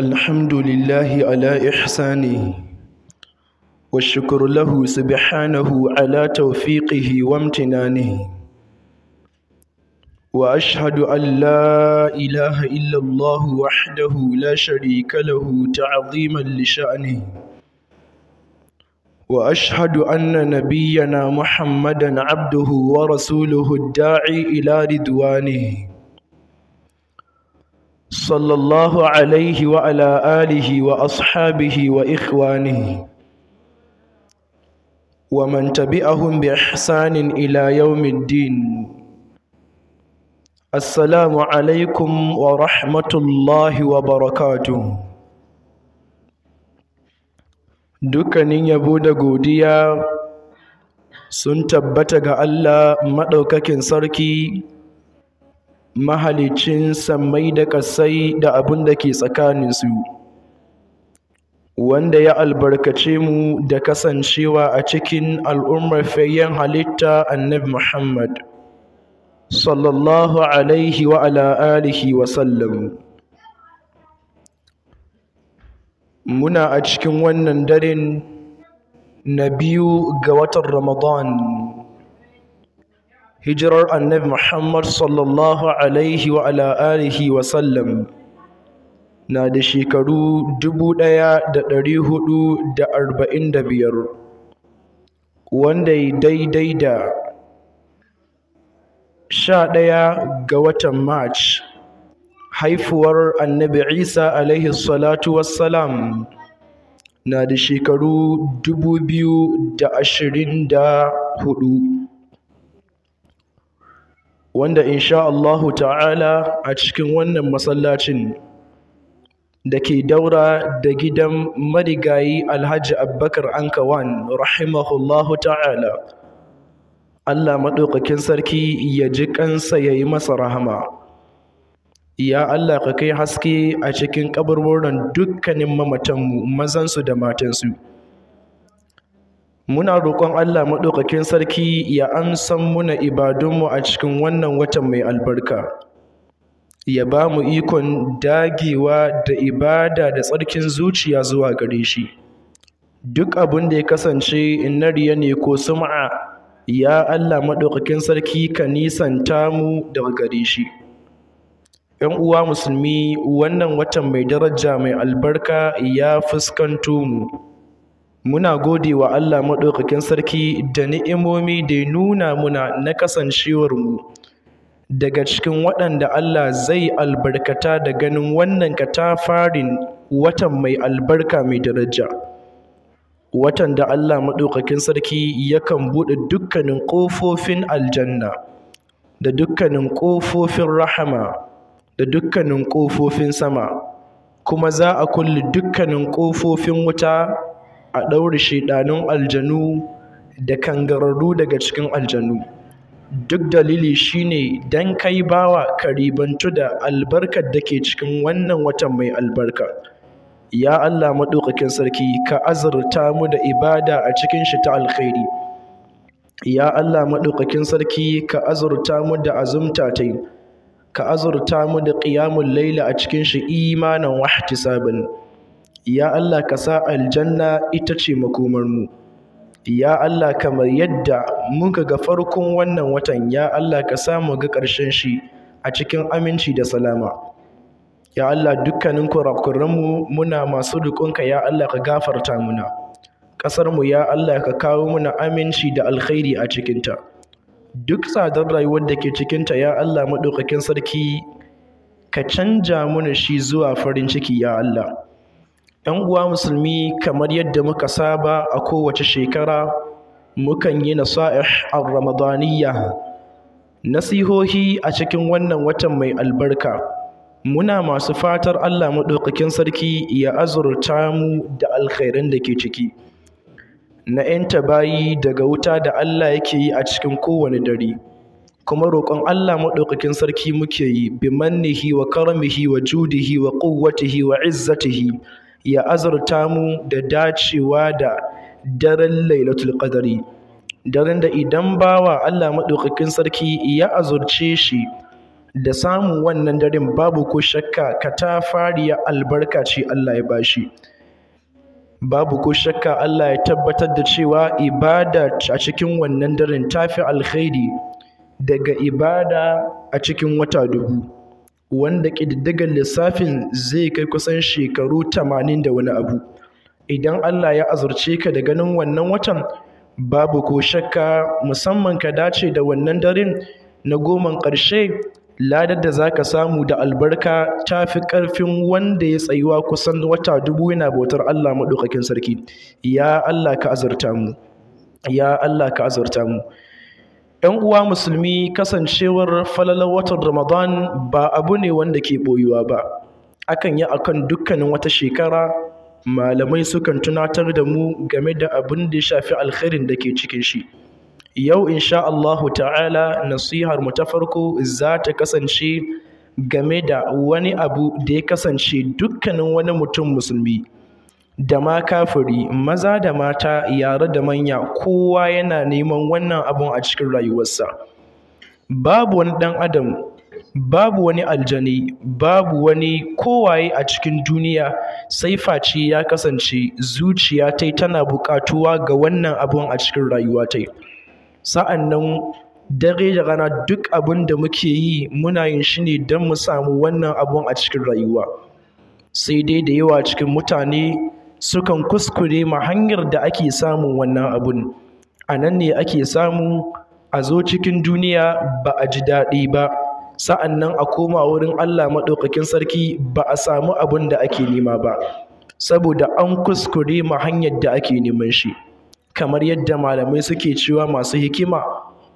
الحمد لله على إحسانه والشكر له سبحانه على توفيقه وامتنانه وأشهد أن لا إله إلا الله وحده لا شريك له تعظيما لشأنه وأشهد أن نبينا محمدا عبده ورسوله الداعي إلى رضوانه صلى الله عليه وعلى آله وأصحابه وإخوانه ومن تبعهم بإحسان إلى يوم الدين السلام عليكم ورحمة الله وبركاته dukkanin yabo da godiya sun tabbata ga Allah maɗaukakin sarki mahalicin sammai da ƙasai da abin da ke tsakaninsu wanda ya albarkace mu da kasancewa a cikin al'ummar fayyan halitta annabi Muhammad sallallahu alaihi wa ala alihi wa sallam muna a cikin wannan daren na biyu ga watan Ramadan hijirar annabi muhammad sallallahu alaihi wa ala alihi wa sallam na da shekaru dubu ɗaya da ɗari hudu da arba'in da biyar wanda daidai da sha ɗaya ga watan march haifuwar annabi isa alaihi salatu wassalam na da shekaru dubu biyu da ashirin da hudu wanda insha Allahu ta'ala a cikin wannan masallacin da ke daura da gidan marigayi alhaji abubakar ankawan rahimahullahu ta'ala Allah maɗaukakin sarki ya ji kansa ya yi masa rahama ya Allah ka kai haske a cikin kaburburan dukkanin mamatanmu mazansu da matansu muna roƙon Allah maɗaukakin sarki ya amsan muna ibadunmu a cikin wannan watan mai albarka ya ba mu ikon dagewa da ibada da tsarkin zuciya zuwa gare shi duk abin da ya kasance nariya ne ko sum'a ya Allah maɗaukakin sarki ka nisanta mu daga gare shi ‘Yan uwa musulmi wannan watan mai daraja mai albarka ya fuskanto mu muna gode wa Allah maɗaukakin sarki da ni'imomi da nuna muna na kasancewar mu. daga cikin waɗanda Allah zai albarkata da ganin wannan farin watan mai albarka mai daraja watan da Allah maɗaukakin sarki yakan buɗe dukkanin ƙofofin aljanna da dukkanin ƙofofin rahama da dukkanin ƙofofin sama kuma za a kulle dukkanin ƙofofin wuta a ɗaure shaiɗanun aljanu da kangararru daga cikin aljanu duk dalili shine dan kai bawa Karibantu da albarkar da ke cikin wannan watan mai albarka ya Allah maɗaukakin sarki ka azurta mu da ibada a cikin shi ta alkhairi ya Allah maɗaukakin sarki ka azurta mu da azumta ta ka azurta mu da ƙiyamun laila a cikin shi imanin wahtisaban ya Allah ka sa aljanna ita ce makomarmu ya Allah kamar yadda muka ga farkon wannan watan ya Allah ka sa mu ga ƙarshen shi a cikin aminci da salama ya Allah dukkanin kurakuranmu muna masu dukunka ya Allah ka gafarta muna ƙasarmu ya Allah ka kawo muna aminci da alkhairi a cikinta duk tsadar rayuwar da ke cikinta ya Allah maɗaukakin sarki ka canja mana shi zuwa farin ciki ya Allah ‘Yan uwa musulmi kamar yadda muka saba a kowace shekara mukan yi nasa'ih ar-ramadaniya nasihohi a cikin wannan watan mai albarka muna masu fatar Allah maɗaukakin sarki ya azurta mu da alkhairan da ke ciki na ‘yanta bayi daga wuta da Allah yake yi a cikin kowane dare kuma roƙon Allah maɗaukakin sarki muke yi bi mannihi wa karamihi wa judihi wa ƙuwwatihi wa izzatihi ya azurta mu da dacewa da daren lailatul qadari daren da idan bawa Allah maɗaukakin sarki ya azurce shi da samun wannan daren babu ko shakka katafariya albarka ce Allah ya bashi babu ko shakka Allah ya tabbatar da cewa ibada a cikin wannan daren tafi alkhairi daga ibada a cikin wata dubu wanda ƙididdigar lissafin zai kai kusan shekaru tamanin da wani abu idan Allah ya azurce ka da ganin wannan watan babu ko shakka musamman ka dace da wannan darin na goma ƙarshe ladar da za ka samu da albarka ta fi ƙarfin wanda ya tsayuwa kusan wata dubu yana bautar Allah maɗaukakin sarki ya ya Allah ka azurta mu ‘yan uwa musulmi kasancewar falalar watan ramadan ba abu ne wanda ke ɓoyuwa ba akan yi akan dukkanin wata shekara malamai sukan tunatar da mu game da abin da ya shafi alkhairin da ke cikin shi yau insha Allahu ta'ala nasihar mu ta farko za ta kasance game da wani abu da ya kasance dukkanin wani mutum musulmi da ma kafiri maza da mata yare da manya kowa yana neman wannan abun a cikin rayuwarsa babu wani ɗan adam babu wani aljani babu wani kowaye a cikin duniya sai face ya kasance zuciya tai tana buƙatuwa ga wannan abun a cikin rayuwa tai sa'an nan dare da rana duk abin da muke yi muna yin shi ne don mu samu wannan abun a cikin rayuwa sai dai da yawa cikin mutane sukan kuskure ma hanyar da ake samun wannan abun a nan ne ake samu a zo cikin duniya ba a ji daɗi ba sa'an nan a koma wurin Allah maɗaukakin sarki ba a samu abun da ake nema ba saboda an kuskure ma hanyar da ake neman shi kamar yadda malamai suke cewa masu hikima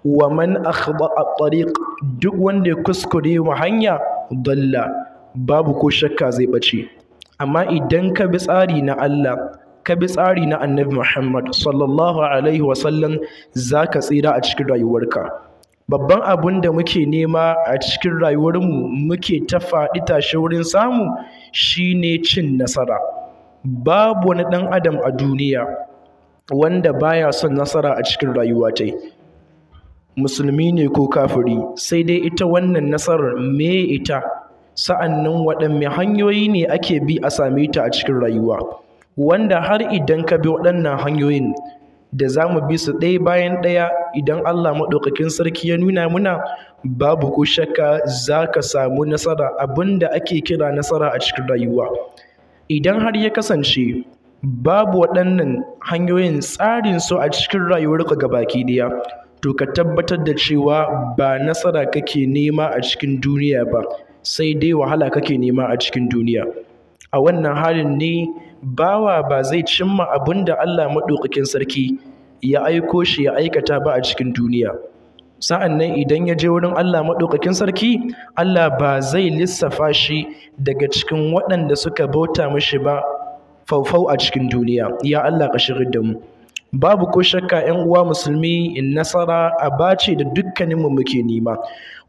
wa man akhda at-tariq duk wanda ya kuskure ma hanya dalla babu ko shakka zai ɓace. amma idan ka bi tsari na Allah ka bi tsari na annabi Muhammad sallallahu alaihi sallam za ka tsira a cikin rayuwarka babban abun da muke nema a cikin rayuwar mu, muke ta faɗi tashe wurin samu shine cin nasara babu wani ɗan adam a duniya wanda baya son nasara a cikin rayuwa ta musulmi ne ko kafiri sai dai ita wannan nasarar me ita sa'annan waɗanne hanyoyi ne ake bi a same ta a cikin rayuwa wanda har idan ka bi waɗannan hanyoyin da za mu bi su ɗaya bayan ɗaya idan Allah maɗaukakin sarki ya nuna muna babu ko shakka za ka samu nasara abin da ake kira nasara a cikin rayuwa idan har ya kasance babu waɗannan hanyoyin tsarin su a cikin rayuwarka gabaki ɗaya to ka tabbatar da cewa ba nasara kake nema a cikin duniya ba sai dai wahala kake nema a cikin duniya a wannan halin ne bawa ba zai cimma abin da Allah maɗaukakin sarki ya aiko shi ya aikata ba a cikin duniya sa'an nan idan ya je wurin Allah maɗaukakin sarki Allah ba zai lissafa shi daga cikin waɗanda suka bauta mashi ba faufau a cikin duniya ya Allah ka shirin da mu babu ko shakka 'yan uwa musulmi in nasara a bace da dukkaninmu muke nema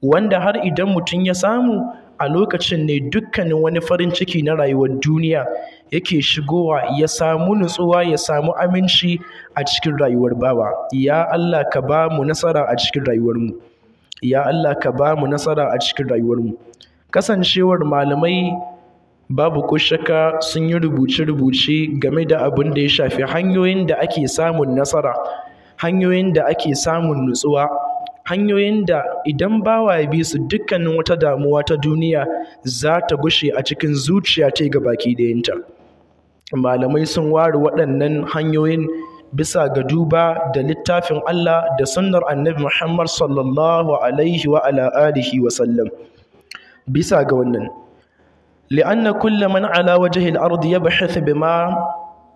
wanda har idan mutum ya samu a lokacin ne dukkanin wani farin ciki na rayuwar duniya yake shigowa ya samu nutsuwa ya samu aminci a cikin rayuwar bawa ya Allah ka ba mu nasara a cikin rayuwar mu. ya Allah ka ba mu nasara a cikin rayuwar mu. kasancewar malamai babu ko shakka sun yi rubuce-rubuce game da abin da ya shafi hanyoyin da ake samun nasara hanyoyin da ake samun nutsuwa hanyoyin da idan bawa ya bi su dukkanin wata damuwa ta duniya za ta gushe a cikin zuciya ta ga baki dayanta malamai sun ware waɗannan hanyoyin bisa ga duba da littafin Allah da sunnar annabi Muhammad sallallahu alaihi wa ala alihi wa sallam bisa ga wannan li'anna kulle man ala wajhi al-ard yabhath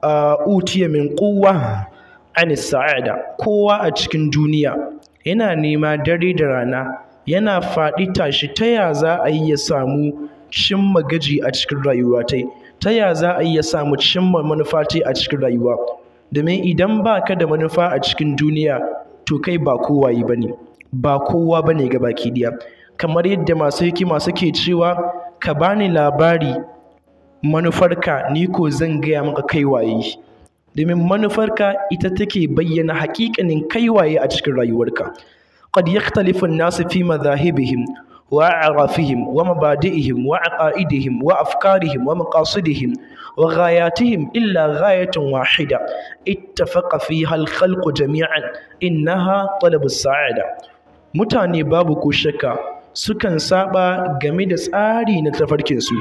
a utiya min quwwa an sa'ada kowa a cikin duniya yana nema dare da rana yana faɗi tashi ta ya za a yi ya samu cimma gaji a cikin rayuwa tai ta ya za a yi ya samu cimma manufa tai a cikin rayuwa domin idan ba ka da manufa a cikin duniya to kai ba kowa yi bane ba kowa bane ga baki ɗaya kamar yadda masu hikima suke cewa ka bani labari manufarka ni ko zan gaya maka kai waye domin manufarka ita take bayyana haƙiƙanin kaiwaye a cikin rayuwarka qad yakhtalifu an-nasu fi madhahibihim wa a'rafihim wa mabadi'ihim wa aqaidihim wa afkarihim wa maqasidihim wa ghayatihim illa ghayatun wahida Ita fiha al-khalqu jami'an na talabu as-sa'ada mutane babu ko shaka, sukan saba game da tsari na tafarkinsu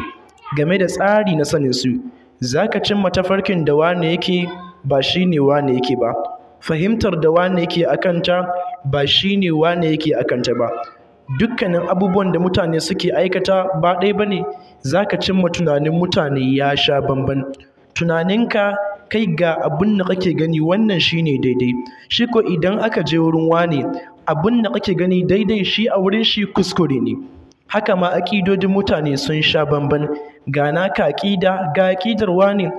game da tsari na saninsu za ka cimma tafarkin da wane yake ba shi ne wane yake ba fahimtar da wane yake a kanta ba shi ne wane yake a kanta ba dukkanin abubuwan da mutane suke aikata ba ɗaya ba ne za ka cimma tunanin mutane ya sha bamban tunaninka kai ga abin da kake gani wannan shi ne daidai shi ko idan aka je wurin wane abin da kake gani daidai shi a wurin shi kuskure ne haka ma aƙidodin mutane sun sha bamban ga naka aƙida ga aƙidar wani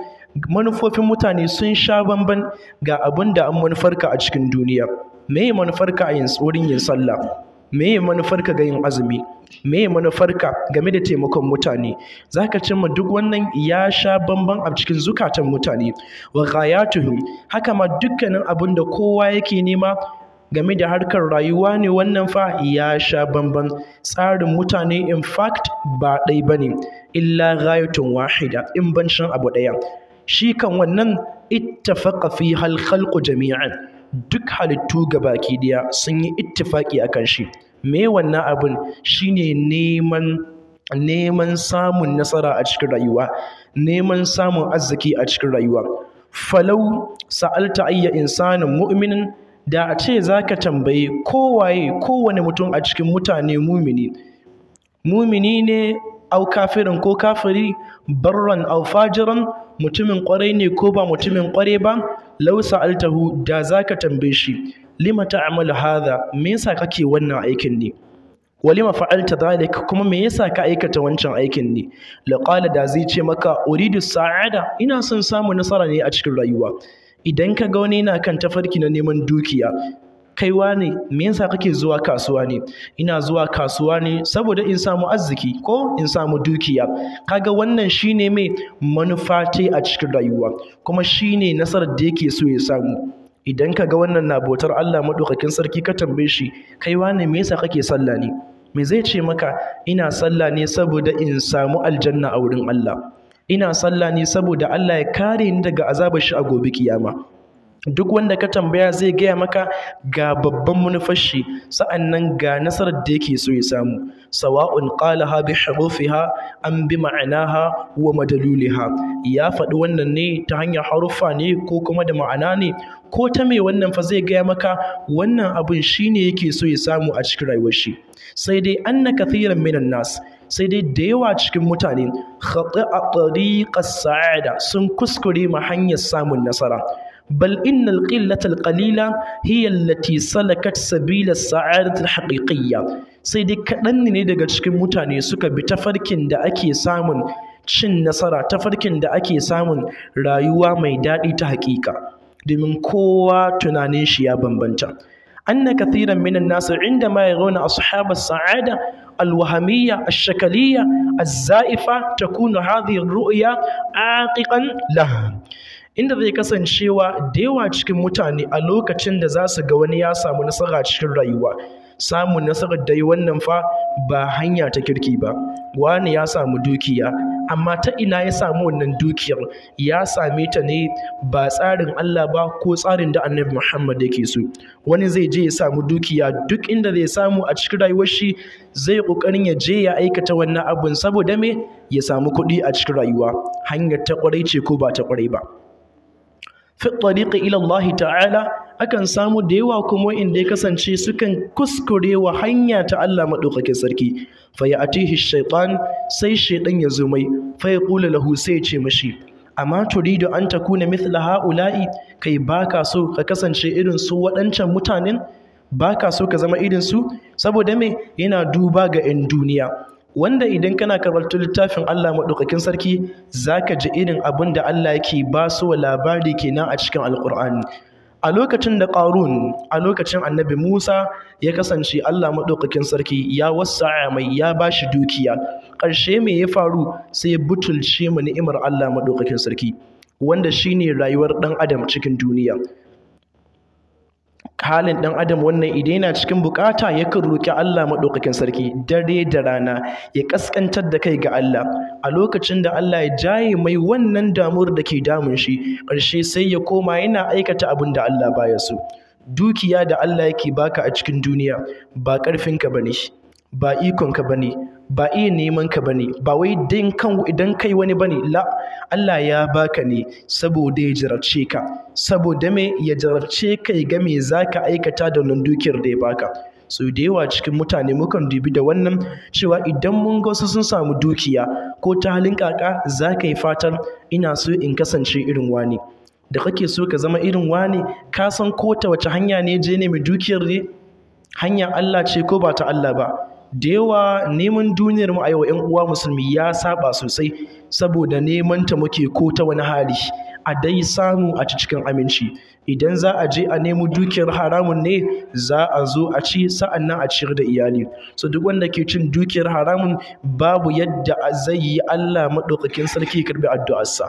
manufofin mutane sun sha bamban ga abin da an manufarka a cikin duniya Me ya manufarka a wurin yin sallah Me ya manufarka ga yin azumi Me ya manufarka game da taimakon mutane Za zaka cimma duk wannan ya sha bamban a cikin zukatan mutane wa ghayatuhum haka ma dukkanin abin da kowa yake nema game da harkar rayuwa ne wannan fa ya sha bamban tsarin mutane in fact ba ɗai ba ne illa ghayatun wahida in ban shan abu ɗaya shi kan wannan ittafaqa fi hal jami'an duk halittu ga baki ɗaya sun yi ittifaki akan shi me wannan abun shine neman neman samun nasara a cikin rayuwa neman samun arziki a cikin rayuwa falau sa'alta ayya insanin mu'minin da a ce za ka tambayi kowaye kowane mutum a cikin mutane mumini mumini ne au kafirin ko kafiri barran au fajiran mutumin kwarai ne ko ba mutumin kwarai ba Lausa altahu da za ka tambaye shi lima amala hadha me yasa kake wannan aikin ne walima fa'alta zalika kuma me yasa ka aikata wancan aikin ne laqala da zai ce maka uridu sa'ada ina son samu nasara ne a cikin rayuwa Idan ka ga wani yana kan tafarki na neman dukiya, kai wane me yasa kake zuwa kasuwa ne? Ina zuwa kasuwa ne saboda in samu arziki ko in samu dukiya. Kaga wannan shine mai manufa ce a cikin rayuwa kuma shine nasarar da yake so ya samu. Idan ka ga wannan na bautar Allah madaukakin Sarki ka tambaye shi, kai wane me yasa kake sallah ne? Me zai ce maka, ina sallah ne saboda in samu aljanna a wurin Allah. ina sallah ne saboda Allah ya kare ni daga azabar shi a gobe kiyama duk wanda ka tambaya zai gaya maka ga babban manufar sa'annan ga nasarar da yake so ya samu sawa'un qalaha bi hurufiha an bi ma'anaha wa madaluliha ya faɗi wannan ne ta hanyar haruffa ne ko kuma da ma'ana ne ko ta mai wannan fa zai gaya maka wannan abin shine yake so ya samu a cikin rayuwar shi sai dai anna kathiran minan nas sai dai da yawa cikin mutane a tariƙar sa'ada sun kuskure ma hanyar samun nasara bal innal qillata ƙalila hiya allati salakat sabila sa'adati haƙiƙiya. sai dai kaɗan ne daga cikin mutane suka bi tafarkin da ake samun cin nasara tafarkin da ake samun rayuwa mai daɗi ta haƙiƙa domin kowa tunanin shi ya bambanta أن كثيرا من الناس عندما يرون أصحاب السعادة الوهمية الشكلية الزائفة تكون هذه الرؤية عاققا لها inda zai kasancewa da yawa cikin mutane a lokacin da za su ga wani ya samu nasara cikin rayuwa samun nasarar dai wannan fa ba hanya ta kirki ba wani ya samu dukiya amma ta ina ya samu wannan dukiyar ya same ta ne ba tsarin Allah ba ko tsarin da annabi Muhammad yake so wani zai je ya samu dukiya duk inda zai samu a cikin rayuwar shi zai kokarin ya je ya aikata wannan abun saboda me ya samu kuɗi a cikin rayuwa hanyar ta kwarai ce ko ba ta kwarai ba fi tariqi ila Allah ta'ala akan samu da yawa kuma inda ya kasance sukan kuskurewa hanya ta Allah madaukakin sarki fa ya'tihi sai shaydan ya zo mai fa kula lahu sai ce mashi amma turidu an takuna mithla haula'i kai baka so ka kasance irin su waɗancan mutanen baka so ka zama irin su saboda me yana duba ga 'yan duniya wanda idan kana karɓar littafin Allah maɗaukakin sarki za ka ji irin abin da Allah yake ba su labari kenan a cikin alƙur'ani a lokacin da ƙarun a lokacin annabi musa ya kasance allah maɗaukakin sarki ya wasa mai ya ba shi dukiya ƙarshe me ya faru sai ya butulce mu ni'imar allah maɗaukakin sarki wanda shine rayuwar ɗan adam cikin duniya halin ɗan adam wannan idan yana cikin bukata yakan roƙi Allah maɗaukakin sarki dare da rana ya ƙasƙantar da kai ga Allah a lokacin da Allah ya jaye mai wannan damuwar da ke damun shi ƙarshe sai ya koma yana aikata abin da Allah baya so dukiya da Allah yake baka a cikin duniya ba ƙarfinka bane ba ikonka bane ba iya neman ka bane ba wai din kan idan kai wani bane la Allah ya baka ne saboda ya jarabce ka saboda me ya jarabce ka ya ga me zaka aikata da wannan dukiyar da ya baka so da yawa cikin mutane mukan dubi da wannan cewa idan mun ga sun samu dukiya ko ta halin kaka za ka yi fatan ina so in kasance irin wani da kake so ka zama irin wani ka san ko ta wace hanya ne je ne mai dukiyar ne hanya Allah ce ko ba ta Allah ba da yawa neman duniyar mu a yau yan uwa musulmi ya saba sosai saboda neman ta muke ko ta wani hali a dai samu a cikin aminci idan za a je a nemo dukiyar haramun ne za a zo a ci sa'an nan a ciyar da iyali so duk wanda ke cin dukiyar haramun babu yadda zai yi Allah maɗaukakin sarki karbi addu'arsa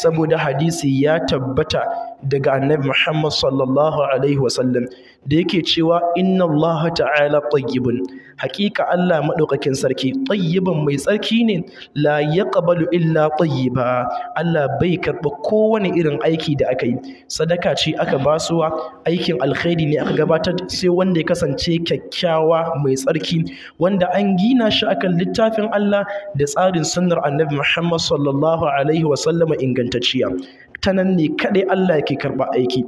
saboda hadisi ya tabbata daga annabi Muhammad sallallahu alaihi wasallam da yake cewa inna Allah ta'ala tayyibun hakika Allah madaukakin sarki tayyibun mai tsarki ne la yaqbalu illa tayyiba Allah bai karba kowane irin aiki da aka yi sadaka ce aka basuwa aikin alkhairi ne aka gabatar sai wanda ya kasance kyakkyawa mai tsarki wanda an gina shi akan littafin Allah da tsarin sunnar Annabi Muhammad sallallahu alaihi wa sallama ingantacciya ta ne kadai Allah yake karba aiki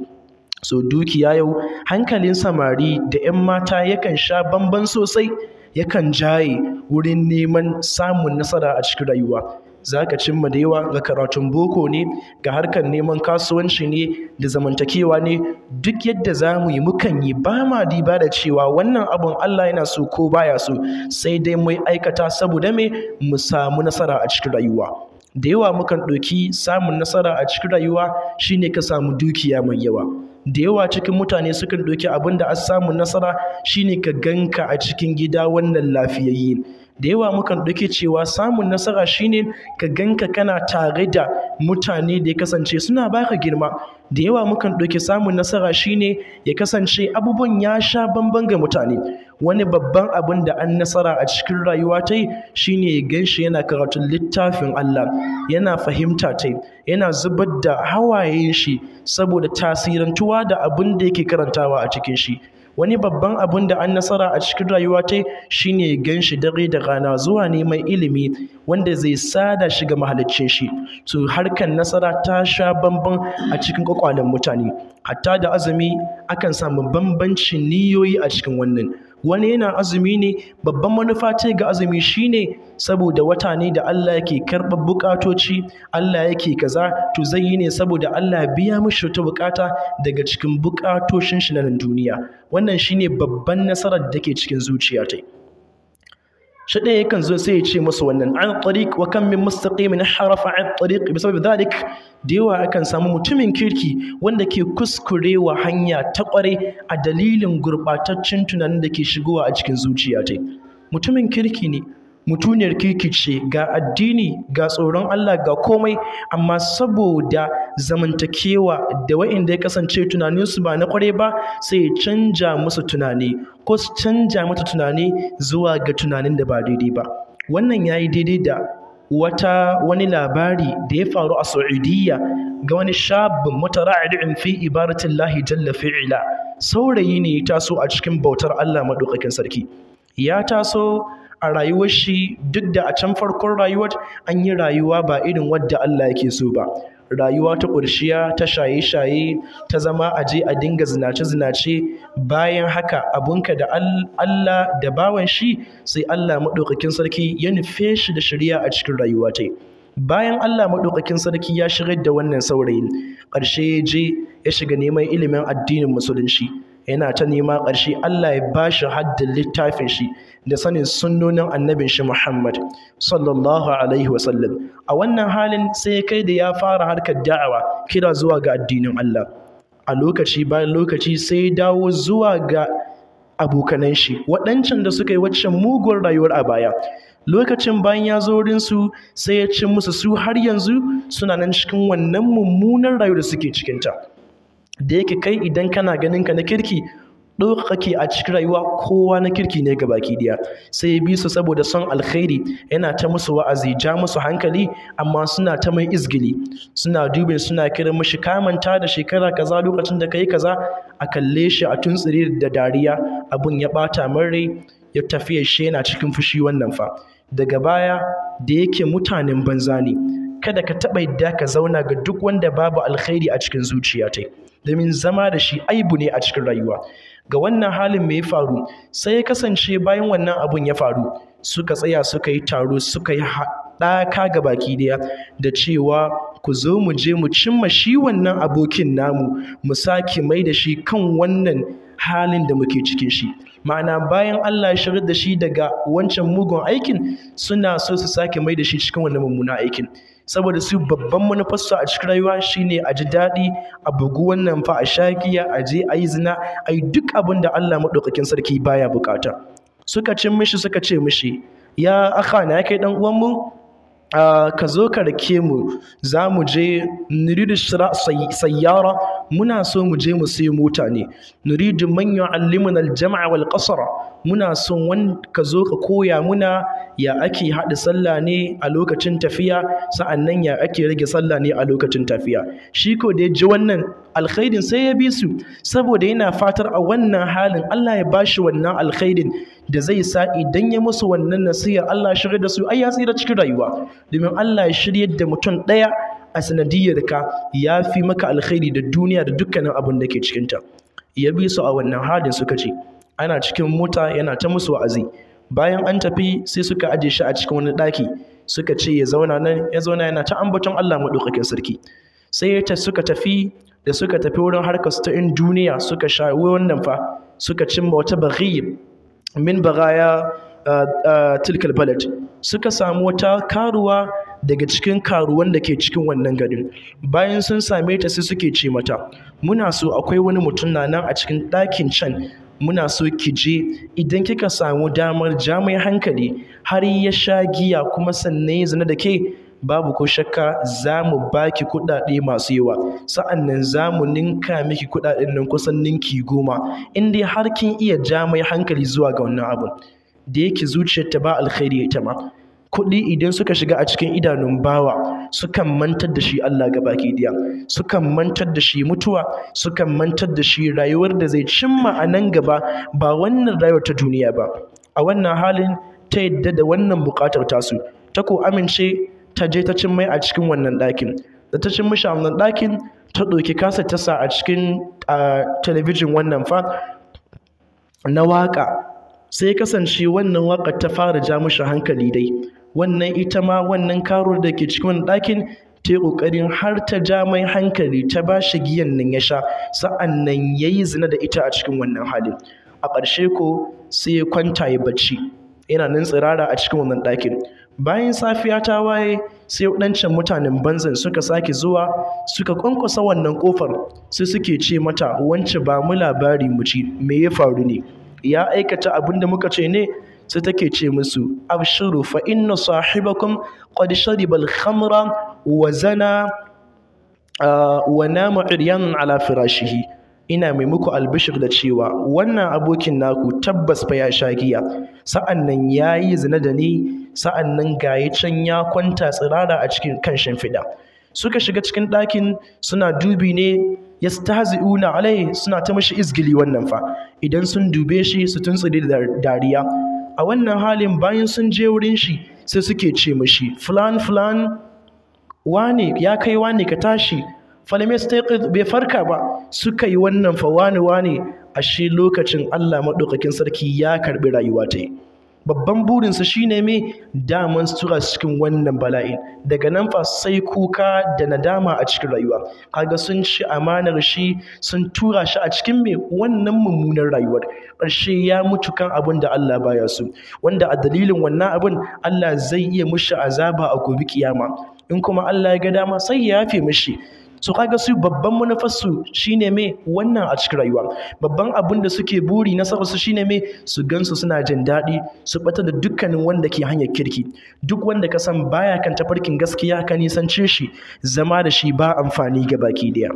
So dukiya yau hankalin samari da 'yan mata yakan sha bamban sosai, yakan jaye wurin neman samun nasara a cikin rayuwa. Za ka cimma da yawa ga karatun boko ne, ga harkar neman kasuwanci ne da zamantakewa ne. Duk yadda za mu yi mukan yi ba ma diba da cewa wannan abun Allah yana so ko baya so, sai dai mu aikata saboda me mu samu nasara a cikin rayuwa. Da yawa mukan ɗauki samun nasara a cikin rayuwa shine ka samu dukiya mai yawa. da yawa cikin mutane sukan ɗauki abin da an samu nasara shine ka ganka a cikin gida wannan lafiyayye da yawa mukan ɗauke cewa samun nasara shine ka ganka kana tare da mutane da ya kasance suna baka girma da yawa mukan ɗauki samun nasara shine ya kasance abubuwan ya sha bamban ga mutane wani babban abin da an nasara a cikin rayuwa ta shine ya ganshi yana karatun littafin Allah yana fahimta ta yana zubar da hawayen shi saboda tasirantuwa da abin da yake karantawa a cikin shi wani babban abun da an nasara a cikin rayuwa ta shine gan shi dare da rana zuwa neman ilimi wanda zai sada shi ga shi to harkar nasara ta sha bambam a cikin kwakwalen mutane hatta da azumi akan samu bambancin niyoyi a cikin wannan wani yana azumi ne babban manufa ce ga azumi shine saboda wata ne da Allah yake karɓar bukatoci Allah yake kaza to zai yi ne saboda Allah ya biya mishi wata bukata daga cikin bukatoshin shi na duniya wannan shine babban nasarar da ke cikin zuciya ta shaɗan yakan zo sai ya ce musu wannan an tariq wa kan min mustaqimin harafa an tariq bi sabab dalik da yawa akan samu mutumin kirki wanda ke kuskurewa hanya ta kware a dalilin gurɓataccen tunanin da ke shigowa a cikin zuciya ta mutumin kirki ne mutuniyar kirki ce ga addini ga tsoron Allah ga komai amma saboda zamantakewa da wa'inda ya kasance tunaninsu ba na kware ba sai ya canja musu tunani ko su canja mata tunani zuwa ga tunanin da ba daidai ba wannan ya yi daidai da wata wani labari da ya faru a Saudiya ga wani shabin mutara'idin fi ibaratin lahi jalla fi'ila saurayi ne ya taso a cikin bautar Allah maɗaukakin sarki ya taso a rayuwar shi duk da a can farkon rayuwar an yi rayuwa ba irin wadda Allah yake so ba rayuwa ta ƙurshiya ta shaye-shaye ta zama a je a dinga zinace-zinace bayan haka abunka da Allah da bawan shi sai Allah maɗaukakin sarki ya nufe shi da shirya a cikin rayuwa ta bayan Allah maɗaukakin sarki ya shigar da wannan saurayin ƙarshe ya je ya shiga neman ilimin addinin musulunci yana ta nema ƙarshe Allah ya ba shi haddin littafin shi da sanin sunnonin annabin shi Muhammad sallallahu alaihi wa sallam. a wannan halin sai ya kai da ya fara harkar da'awa kira zuwa ga addinin Allah a lokaci bayan lokaci sai ya dawo zuwa ga abokanan shi waɗancan da suka yi waccan muguwar rayuwar a baya lokacin bayan ya zo su sai ya ci musu su har yanzu suna nan cikin wannan mummunan rayuwar da suke cikinta da yake kai idan kana ganin ka na kirki ɗauka kake a cikin rayuwa kowa na kirki ne ki ɗaya sai ya bi su saboda son alkhairi yana ta musu wa'azi ja musu hankali amma suna ta mai izgili suna dubin suna kiran mishi kamanta da shekara kaza lokacin da ka yi kaza a kalle shi a tuntsire da dariya abun ya ɓata min rai ya tafi shi yana cikin fushi wannan fa daga baya da yake mutanen banza ne kada ka taɓa yadda ka zauna ga duk wanda babu alkhairi a cikin zuciya tai domin zama da shi aibu ne a cikin rayuwa ga wannan halin me ya faru sai ya kasance bayan wannan abun ya faru suka tsaya suka yi taro suka yi haɗaka ga baki daya da cewa ku zo mu je mu cimma shi wannan abokin namu mu sake mai da shi kan wannan halin da muke cikin shi ma'ana bayan Allah ya shigar da shi daga wancan mugun aikin suna so su sake mai da shi cikin wannan mummunan aikin saboda su babban manufarsu a cikin rayuwa shine a ji daɗi a bugu wannan fa a shakiya a je a yi zina a yi duk abin da Allah maɗaukakin sarki baya bukata suka cin mishi suka ce mishi ya aka na kai dan uwanmu ah, ka zo ka rake mu za mu je nuridu sayyara muna so mu je mu sayi mota ne nuridu man yu'allimuna al-jam'a wal qasara muna so wanda ka zo ka koya muna ya ake haɗa sallah ne a lokacin tafiya sa'annan ya ake rage sallah ne a lokacin tafiya shi ko da ya ji wannan alkhairin sai ya bi su saboda yana fatar a wannan halin Allah ya bashi wannan alkhairin da zai sa idan ya musu wannan nasiha Allah ya shirya da su ai ya tsira cikin rayuwa domin Allah ya shiryar da mutum ɗaya a sanadiyarka ya fi maka alkhairi da duniya da dukkanin abin da ke cikinta ya bi su a wannan halin suka ce ana cikin mota yana ta musu wa'azi bayan an tafi sai suka aje shi a cikin wani ɗaki suka ce ya zauna nan ya zauna yana ta ambaton Allah maɗaukakin sarki sai ya suka tafi da suka tafi wurin harkar su ta in duniya suka sha wannan fa suka cimma wata baghiyib min tilkal balad suka samu wata karuwa daga cikin karuwan da ke cikin wannan garin bayan sun same ta sai suke ce mata muna so akwai wani mutum na nan a cikin ɗakin can muna so ki je idan kika samu damar jami'ai hankali har ya sha giya kuma sannan ya zana da ke babu ko shakka za mu ba ki kuɗaɗe masu yawa sa'an nan za mu ninka miki kuɗaɗen nan kusan ninki goma in dai har kin iya ja hankali zuwa ga wannan abun da yake zuciyarta ba alkhairi ita ma kuɗi idan suka shiga a cikin idanun bawa sukan mantar da shi Allah ga baki diya sukan mantar da shi mutuwa sukan mantar da shi rayuwar da zai cimma a nan gaba ba wannan rayuwar ta duniya ba a wannan halin ta yadda da wannan buƙatar tasu ta ko amince ta je ta cin mai a cikin wannan ɗakin da ta cin mishi a wannan ɗakin ta ɗauki kasa ta sa a cikin talabijin wannan fa na waƙa sai kasance wannan waƙar ta fara ja mishi hankali dai wannan ita ma wannan karo da ke cikin ɗakin ta yi ƙoƙarin har ta ja mai hankali ta ba shi giyan nan ya sha sa'an nan ya yi zina da ita a cikin wannan halin a ƙarshe ko sai ya kwanta ya bacci yana nan tsirara a cikin wannan ɗakin bayan safiya ta waye sai waɗancan mutanen banzan suka sake zuwa suka ƙwanƙwasa wannan ƙofar sai suke ce mata wance ba mu labari mu ci me ya faru ne ya aikata abin da muka ce ne sai take ce musu abshiru fa inna sahibakum qad shariba al-khamra wa zana wa nama iryan ala firashihi ina mai muku albishir da cewa wannan abokin naku tabbas fa ya sha giya sa'an nan ya yi zina da ni sa'an nan gaye can ya kwanta tsirara a cikin kan shimfiɗa suka shiga cikin ɗakin suna dubi ne Ya yastahzi'una alai suna ta mashi izgili wannan fa idan sun dube shi su tuntsire da dariya a wannan halin bayan sun je wurin shi sai suke ce mashi fulan fulan wane ya kai wane ka tashi Falame su falamestaqid bai farka ba suka yi wannan fa wane wane ashe lokacin Allah maɗaukakin sarki ya karɓi rayuwa ta yi babban burinsa shine me daman tura cikin wannan bala'in daga nan fa sai kuka da nadama a cikin rayuwa kaga sun ci amanar shi sun tura shi a cikin me wannan mummunar rayuwar ƙarshe ya mutu kan abin da Allah baya su wanda a dalilin wannan abin Allah zai iya mushi azaba a gobe kiyama in kuma Allah ya ga dama sai ya yafe mishi so kaga su babban manufarsu shine me wannan a cikin rayuwa babban abin da suke buri na su shine me su gansu suna jin daɗi su ɓata da dukkanin wanda ke hanyar kirki duk wanda ka san baya kan tafarkin gaskiya ka nisance shi zama da shi ba amfani ga baki daya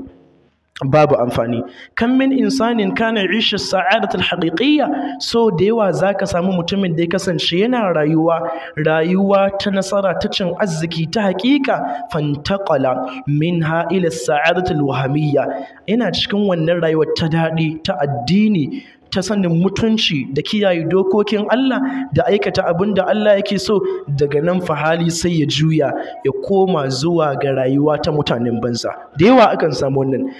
babu amfani kan min insanin kana isha sa'adat alhaqiqiyya so da yawa zaka samu mutumin da ya kasance yana rayuwa rayuwa ta nasara ta cin arziki ta haƙiƙa fantaqala minha ila sa'adat alwahamiyya yana cikin wannan rayuwar ta daɗi ta addini ta sanin mutunci da kiyaye dokokin Allah da aikata abin da Allah yake so daga nan fahali sai ya juya ya koma zuwa ga rayuwa ta mutanen banza da yawa akan samu wannan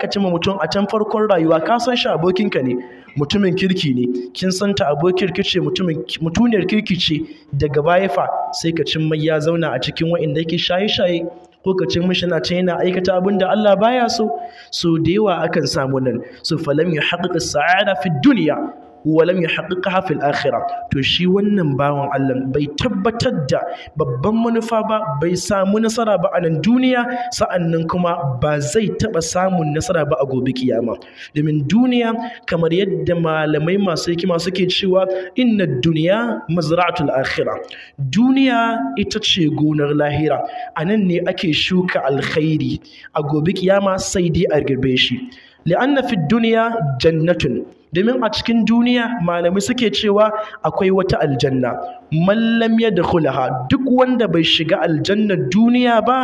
ka cima mutum a can farkon rayuwa ka san shi abokinka ne mutumin kirki ne kin san ta abokin kirki mutumin mutuniyar kirki ce daga baya fa sai ka cimma ya zauna a cikin wa'inda yake shaye-shaye ko mashina ce can yana aikata abin da Allah baya so so da yawa akan samu nan so falam ya haƙiƙa sa'ada fi duniya Walam ya haƙiƙa hafil akhirah to shi wannan bawan Allah bai tabbatar da babban manufa ba bai samu nasara ba a nan duniya sa'annan kuma ba zai taɓa samun nasara ba a gobe kiyama domin duniya kamar yadda malamai masu hikima suke cewa inna duniya mazra'atul akhira duniya ita ce gonar lahira a nan ne ake shuka alkhairi a gobe kiyama sai dai a girbe shi li'anna fid duniya jannatun domin a cikin duniya malamai suke cewa akwai wata aljanna man lam yadkhulaha duk wanda bai shiga aljannar duniya ba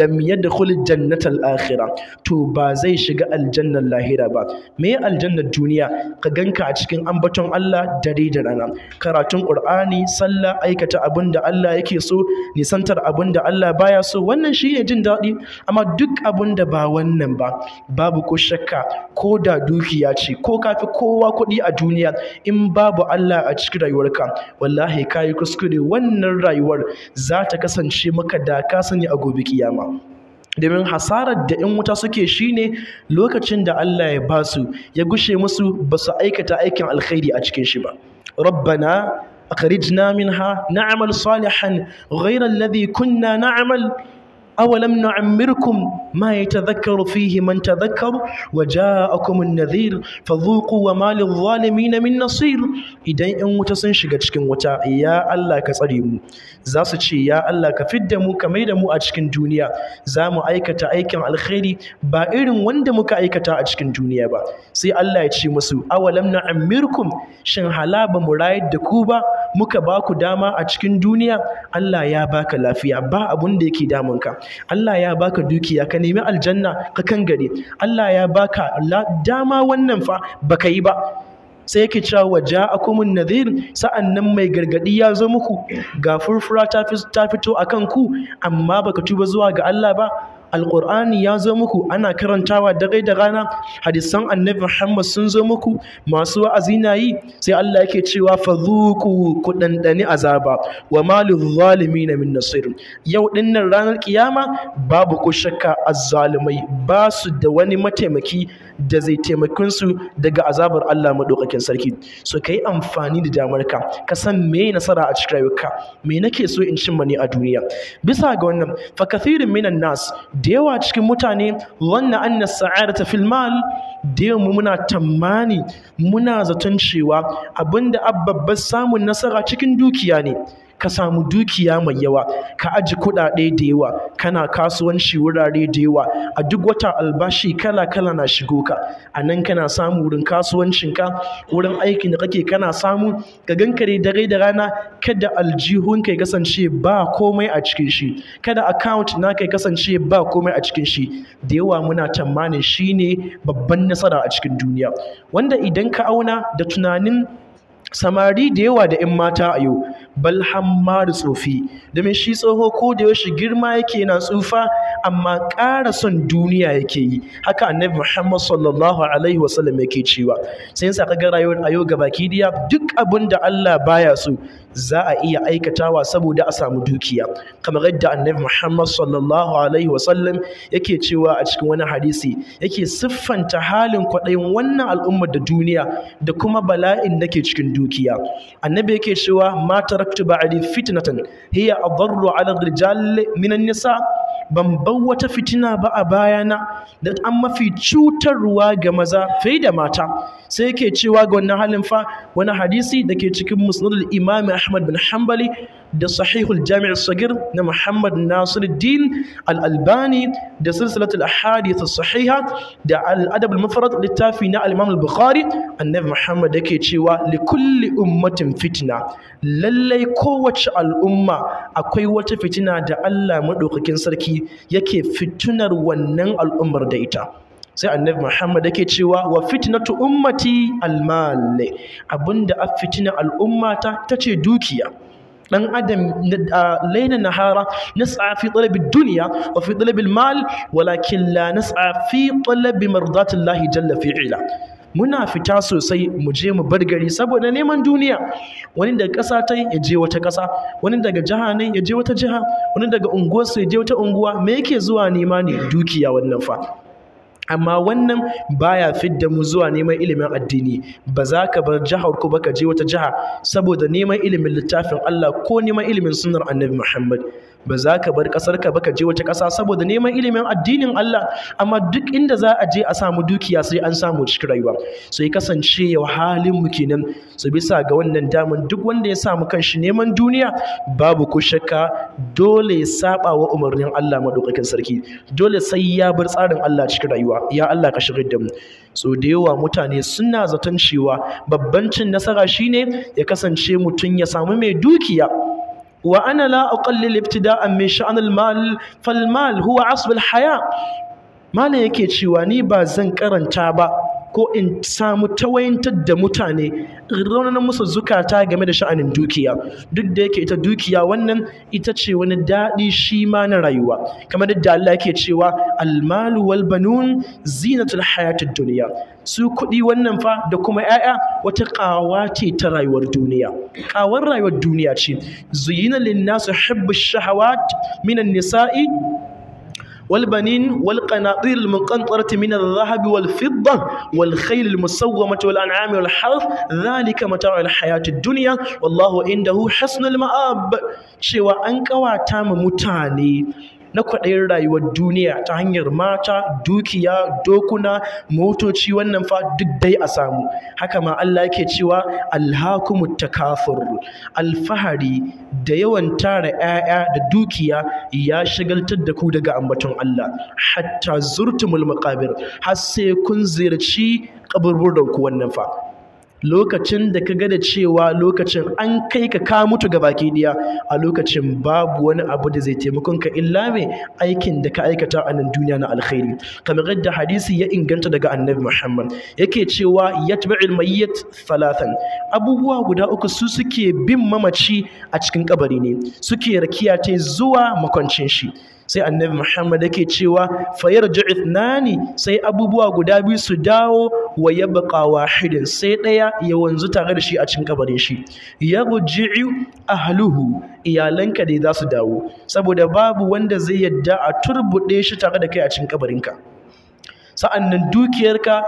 lam yadkhul al akhirah to ba zai shiga aljannar lahira ba me aljannar duniya ka ganka a cikin ambaton Allah dare da rana karatun qur'ani sallah aikata abin da Allah yake so nisantar abin da Allah baya so wannan shine jin daɗi amma duk abin da ba wannan ba babu ko shakka ko da dukiya ce ko kafi kowa kuɗi a duniya in babu Allah a cikin rayuwarka wallahi ka yi kuskure wannan rayuwar za ta kasance maka da ka sani a gobe kiyama domin hasarar da 'yan wuta suke shine lokacin da Allah ya basu ya gushe musu ba su aikata aikin alkhairi a cikin shi ba rabbana أخرجنا منها salihan صالحا غير Kunna na'mal نعمل awalam nu'ammirkum ma yatadhakkaru fihi man tadhakkaru wa ja'akum an-nadhir fadhuqu wa ma lidh-dhalimin min nasir idan in wuta sun shiga cikin wuta ya Allah ka tsare mu za su ce ya Allah ka da mu ka da mu a cikin duniya za mu aikata aikin alkhairi ba irin wanda muka aikata a cikin duniya ba sai Allah ya ce musu awalam na amirkum shin hala ba mu rayar da ku ba muka ba ku dama a cikin duniya Allah ya baka lafiya ba abun da yake damunka Allah ya baka dukiya ka nemi aljanna ka kan gari. Allah ya baka dama wannan fa baka yi ba sai ki cewa wa ja'akumun nadhir nan mai gargadi ya zo muku ga furfura ta fito akan ku amma baka tuba zuwa ga Allah ba alqur'ani ya zo muku ana karantawa dare da rana hadisan annabi Muhammad sun zo muku masu wa'azi na yi sai Allah yake cewa fadhuqu ku dandani azaba wa malil zalimin min nasir yau dinnan ranar kiyama babu ku shakka azzalumai ba su da wani mataimaki da zai taimakon su daga azabar Allah maɗaukakin sarki so ka yi amfani da damar ka ka san me nasara a cikin rayuwarka me nake so in cimma ne a duniya bisa ga wannan fa minan nas da yawa cikin mutane wanna anna sa'adata fil mal da yawa muna tamani muna zaton cewa abinda ababbar samun nasara cikin dukiya ne ka samu dukiya mai yawa ka aji kuɗaɗe da yawa kana kasuwanci wurare da yawa a duk wata albashi kala kala na shigo ka a nan kana samu wurin kasuwancinka wurin aikin da kake kana samu ka gankare dare da rana kada aljihun kai kasance ba komai a cikin shi kada account na kai kasance ba komai a cikin shi da yawa muna tamanin shine babban nasara a cikin duniya wanda idan ka auna da tunanin samari da yawa da 'yan mata a yau balham da tsofi domin shi tsoho ko da yaushe girma yake na tsufa amma ƙara son duniya yake yi haka annabi muhammad sallallahu alaihi wasallam yake cewa sai yasa kaga rayuwar a yau baki diya duk abin da Allah baya so za a iya aikatawa saboda a samu dukiya kamar yadda annabi muhammad sallallahu alaihi wasallam yake cewa a cikin wani hadisi yake siffanta halin kwaɗayin wannan al'ummar da duniya da kuma bala'in da ke cikin duniya dukiya annabi yake cewa ma taraktu ba'di fitnatan hiya adarru 'ala rijal minan nisa ban bar wata fitina ba a bayana da an mafi cutarwa ga maza fai da mata sai yake cewa ga wannan halin fa wani hadisi da ke cikin musnadul imami ahmad bin hanbali da sahihul jami'ar sagir na muhammad nasiruddin al'albani da silsilatul ahadith sahiha da al'adab al littafi na al-imam al-bukhari annabi muhammad yake cewa li kulli ummatin fitna lallai kowace al'umma akwai wata fitina da Allah maɗaukakin sarki yake fitunar wannan al'ummar da ita sai annabi muhammad yake cewa wa fitnatu ummati almal abinda a fitina al'ummata tace dukiya ɗan adam laina nahara nas'a fi talab ad wa fi talab mal walakin la nas'a fi talab mardati Allah jalla fi'ila muna fita sosai mu je mu bar gari saboda neman duniya wani daga ƙasa ta ya je wata ƙasa wani daga jiha ne ya je wata jiha wani daga unguwarsu ya je wata unguwa me yake zuwa nema ne dukiya wannan fa amma wannan baya fidda mu zuwa neman ilimin addini ba za ka bar jihar ko baka je wata jiha saboda neman ilimin littafin Allah ko neman ilimin sunnar Annabi Muhammad ba za ka bar ƙasar ka ba ka je wata ƙasa saboda neman ilimin addinin Allah amma duk inda za a je a samu dukiya sai an samu cikin rayuwa sai kasance yau halin mu kenan su bisa ga wannan daman duk wanda ya samu kanshi neman duniya babu ko shakka dole ya saba wa umarnin Allah madaukakin sarki dole sai ya bar tsarin Allah cikin rayuwa ya Allah ka shigar da mu so da yawa mutane suna zaton cewa babban cin nasara shine ya kasance mutum ya samu mai dukiya وأنا لا أقلل ابتداء من شأن المال فالمال هو عصب الحياة ما لا يكي تشيواني بازن كرن تابا ko in samu tawayantar da mutane in raunanar musu zukata game da sha'anin dukiya duk da yake ita dukiya wannan ita ce wani daɗi shi ma na rayuwa kamar yadda Allah yake cewa almalu wal banun zinatul hayatid dunya su kuɗi wannan fa da kuma ‘ya'ya wata ƙawa ce ta rayuwar duniya ƙawar rayuwar duniya ce zuyina linnasu hubbu shahawat minan nisa'i والبنين والقناطير المقنطرة من الذهب والفضة والخيل المسومة والأنعام والحرث ذلك متاع الحياة الدنيا والله عنده حسن المآب شوى أنك واتام متاني na kwaɗayin rayuwar duniya ta hanyar mata dukiya dokuna motoci wannan fa duk dai a samu haka ma Allah yake cewa alhakumut takafur alfahari da yawan tara 'ya'ya da dukiya ya shagaltar da ku daga ambaton Allah hatta zurtumul maqabir har sai kun ziyarci kaburburan ku wannan fa lokacin da ka gada cewa lokacin an kai ka ka mutu ga baki diya a lokacin babu wani abu da zai taimakon ka illa mai aikin da ka aikata a nan duniya na alkhairi kamar yadda hadisi ya inganta daga annabi muhammad yake cewa yatba'il ilmayyat falatan abubuwa guda uku su suke bin mamaci a cikin kabari ne suke rakiya ce zuwa makwancin shi sai annabi muhammad yake cewa fayar nani sai abubuwa guda biyu su dawo wa ya baka wahidin sai ɗaya ya wanzu tare da shi a cikin kabarin shi ya ruji'u ahluhu iyalanka dai za su dawo saboda babu wanda zai yadda a turbuɗe shi tare da kai a cikin kabarinka sa'annan dukiyarka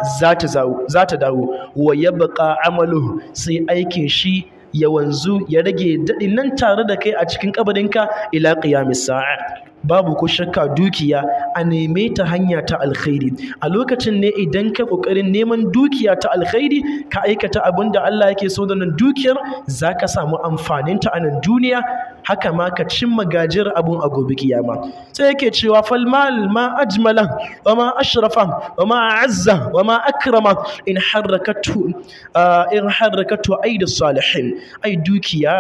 za ta dawo wa ya baka amaluhu sai aikin shi ya wanzu ya rage daɗi nan tare da kai a cikin ƙabarinka ila ƙiyamis sa'a babu ko shakka dukiya a neme ta hanya ta alkhairi a lokacin ne idan ka ƙoƙarin neman dukiya ta alkhairi ka aikata abin da Allah yake so da nan dukiyar ka samu amfaninta a nan duniya haka ma ka cimma gajiyar abun a gobe kiyama sai yake cewa falmal ma ajmala wa ma ashrafa wa ma azza wa ma akrama in harakatu ah, in harrakatu aidu salihin ai dukiya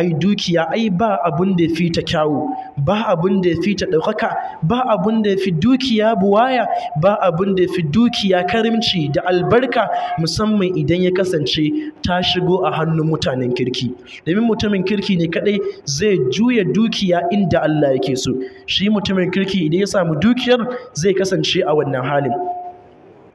ai dukiya ai ba abun da fi ta kyawu ba abun da fi ta ɗaukaka ba abun da fi dukiya buwaya ba abun da fi dukiya karimci da albarka musamman idan ya kasance ta shigo a hannun mutanen kirki domin mutumin kirki ne kadai zai juya dukiya inda Allah yake so shi mutumin kirki idan ya samu dukiyar zai kasance a wannan halin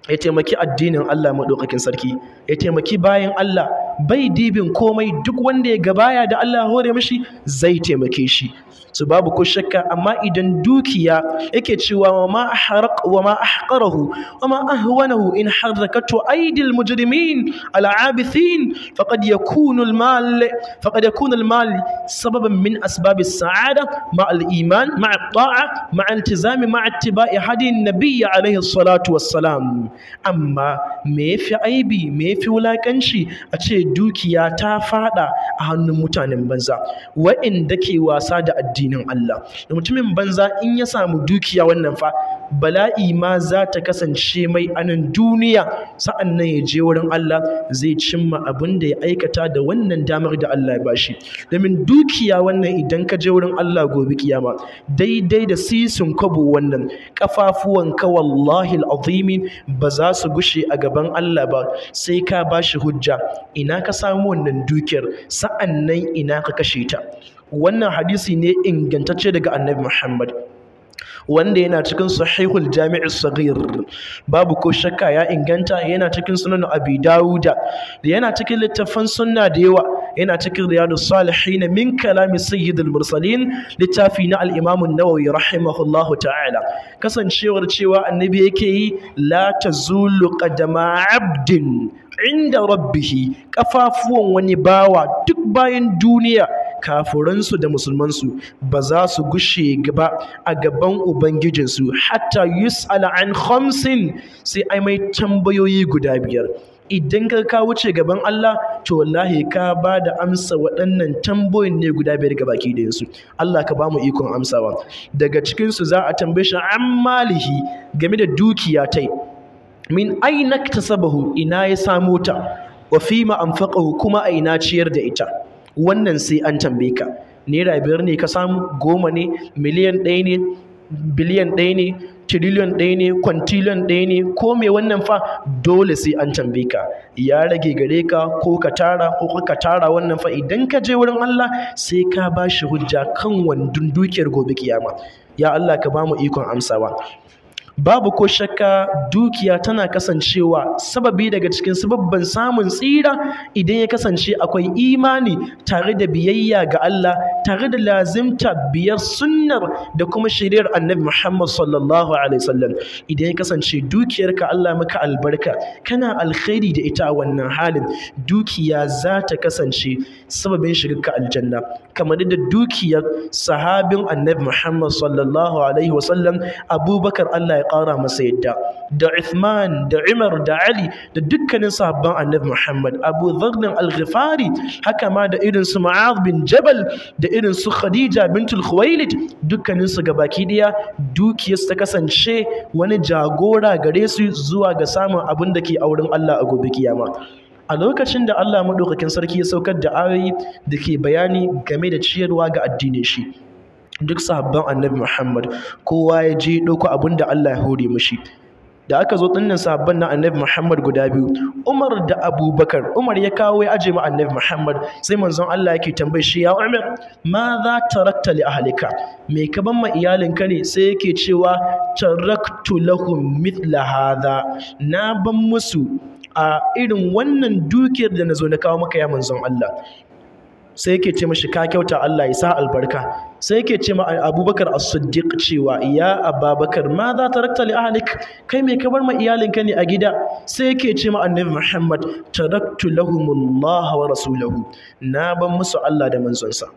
ya taimaki addinin Allah maɗaukakin sarki ya taimaki bayan Allah bai dibin komai duk wanda ya gabaya da Allah hore mashi zai taimake shi su babu ko shakka amma idan dukiya yake cewa wa ma ahraq wa ma ahqarahu wa ma ahwanahu in harakatu aidil mujrimin ala abithin faqad yakunu al mal faqad yakunu al mal sababan min asbab as sa'ada ma al iman ma al ta'a ma al ma ittiba'i hadin nabiyyi alaihi salatu wassalam amma me yafi aibi me yafi wulakanci a ce dukiya ta fada a hannun mutanen banza wa'inda ke wasa da addinin Allah da mutumin banza in ya samu dukiya wannan fa bala'i ma za ta kasance mai anan duniya sa'an nan ya je wurin Allah zai cimma abin da ya aikata da wannan damar da Allah ya bashi domin dukiya wannan idan ka je wurin Allah gobe kiyama daidai da sisin kwabo wannan kafafuwan ka wallahi al'azimin ba za su gushe a gaban Allah ba sai ka bashi hujja ina ina ka samu wannan dukiyar sa'an nan ina ka kashe ta wannan hadisi ne ingantacce daga annabi Muhammad wanda yana cikin sahihul jami'ar saghir babu ko shakka ya inganta yana cikin sunan abi dauda yana cikin littafan sunna da yawa yana cikin riyadus salihin min kalami sayyidul mursalin littafi na al-imam an-nawawi rahimahullahu ta'ala kasancewar cewa annabi yake yi la tazulu qadama abdin inda rabbihi kafafuwan wani bawa duk bayan duniya kafuransu da musulmansu ba za su gushe gaba a gaban ubangijinsu hatta Yus an khamsin sai ai mai tambayoyi guda biyar idan ka ka wuce gaban Allah to wallahi ka ba da amsa waɗannan tambayoyin ne guda biyar ga baki da su Allah ka ba mu ikon amsawa daga cikinsu su za a tambaye shi an malihi game da dukiya tai min aina tasabahu ina ya samo ta wa fima anfaqahu kuma a ina ciyar da ita wannan sai an tambaye ka naira biyar ne ka samu goma ne miliyan ɗaya ne biliyan ɗaya ne tiriliyon ɗaya ne kwantiliyon ɗaya ne ko me wannan fa dole sai an tambaye ka ya rage gare ka ko ka tara ko ka tara wannan fa idan ka je wurin Allah sai ka ba shi hujja kan wandun dukiyar gobe kiyama ya Allah ka ba mu ikon amsawa babu ko shakka dukiya tana kasancewa sababi daga cikin sababban samun tsira idan ya kasance akwai imani tare da biyayya ga Allah tare da lazimta biyar sunnar da kuma shiriyar annabi Muhammad sallallahu alaihi wasallam idan ya kasance dukiyarka Allah maka albarka kana alkhairi da ita a wannan halin dukiya za ta kasance sababin shirinka aljanna kamar da dukiyar sahabin annabi Muhammad sallallahu alaihi wasallam Abubakar Allah ya ƙara masa yadda da Uthman da Umar da Ali da dukkanin sahabban Annabi Muhammad Abu Dharr al-Ghifari haka ma da irin su bin Jabal da irin su Khadija bintul Khuwailid dukkanin su gabaki daya dukiyarsu ta kasance wani jagora gare su zuwa ga samun abin da ke auren Allah a gobe kiyama a lokacin da Allah maɗaukakin sarki ya saukar da ayoyi da ke bayani game da ciyarwa ga addinin shi duk sahabban annabi Muhammad kowa ya je ɗauko abin da Allah ya hore mashi da aka zo dinnan sahabban na annabi Muhammad guda biyu Umar da Abubakar Umar ya kawo ya aje ma annabi Muhammad sai manzon Allah yake tambayi shi ya Umar ma za tarakta li ahlika me ka ban ma iyalinka ne sai yake cewa taraktu lahum mithla hadha na ban musu a irin wannan dukiyar da na zo na kawo maka ya manzon Allah sai yake ce mashi ka kyauta Allah ya sa albarka sai yake ce ma Abubakar As-Siddiq cewa ya Ababakar ma za ta rakta li ahlik kai me ka bar ma iyalinka ne a gida sai yake ce ma Annabi Muhammad taraktu lahumullah wa rasulahu na ban musu Allah da sa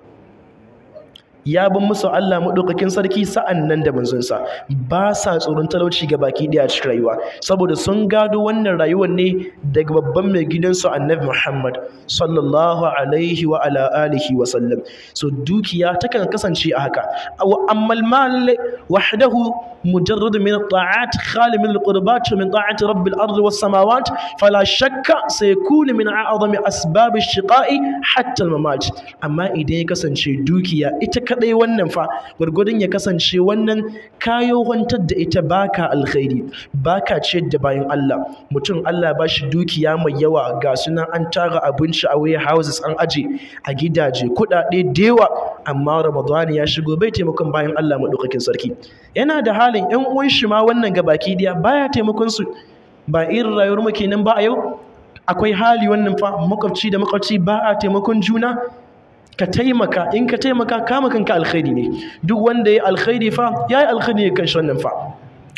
ya bin musu Allah maɗaukakin sarki sa'an nan da manzonsa ba sa tsoron talauci ga baki ɗaya cikin rayuwa saboda sun gado wannan rayuwar ne daga babban mai gidansu annabi Muhammad sallallahu alaihi wa ala alihi wa sallam so dukiya takan kasance a haka wa ammal mal wahdahu mujarrad min ta'at khali min alqurbat min ta'at rabbil ard was samawat fala shakka sayakun min a'zami asbab ash-shiqa'i hatta al amma idan ya kasance dukiya ita kadai wannan fa gwargwadon ya kasance wannan kayo da ita baka alkhairi baka ciyar da bayan Allah mutum Allah ba shi dukiya mai yawa ga sunan an tara abinci a waye houses an aje a gidaje kuɗaɗe da amma Ramadan ya shigo bai taimakon bayan Allah madaukakin sarki yana da halin ƴan uwan shi ma wannan gabaki daya baya taimakon su ba irin rayuwar mu kenan ba a yau akwai hali wannan fa makwabci da makwabci ba a taimakon juna ka taimaka in ka taimaka kama kanka alkhairi ne duk wanda ya alkhairi fa yayi alkhairi kan shannan fa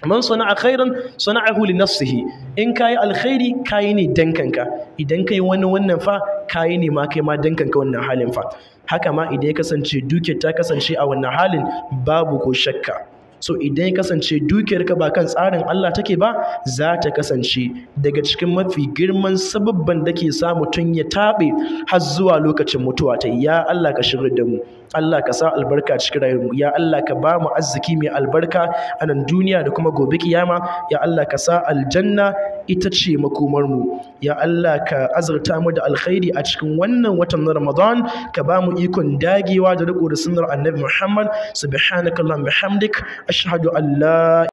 man sana'a khairan sana'ahu li nafsihi in kayi alkhairi yi ne dan kanka idan kai wani wannan fa kayi ne ma kai ma dan kanka wannan halin fa haka ma idan ya kasance duke ta kasance a wannan halin babu ko shakka so idan ya kasance dukiyarka ba kan tsarin Allah take ba za ta kasance daga cikin mafi girman sababban da ke sa mutum ya taɓe har zuwa lokacin mutuwa ta ya Allah ka shirin da mu Allah ka sa albarka cikin rayuwarmu ya Allah ka ba mu arziki mai albarka a nan duniya da kuma gobe kiyama ya Allah ka sa aljanna ita ce makomarmu ya Allah ka azurta mu da alkhairi a cikin wannan watan na Ramadan ka ba mu ikon dagewa da riko da sunnar Annabi Muhammad subhanakallahumma bihamdik ashhadu an la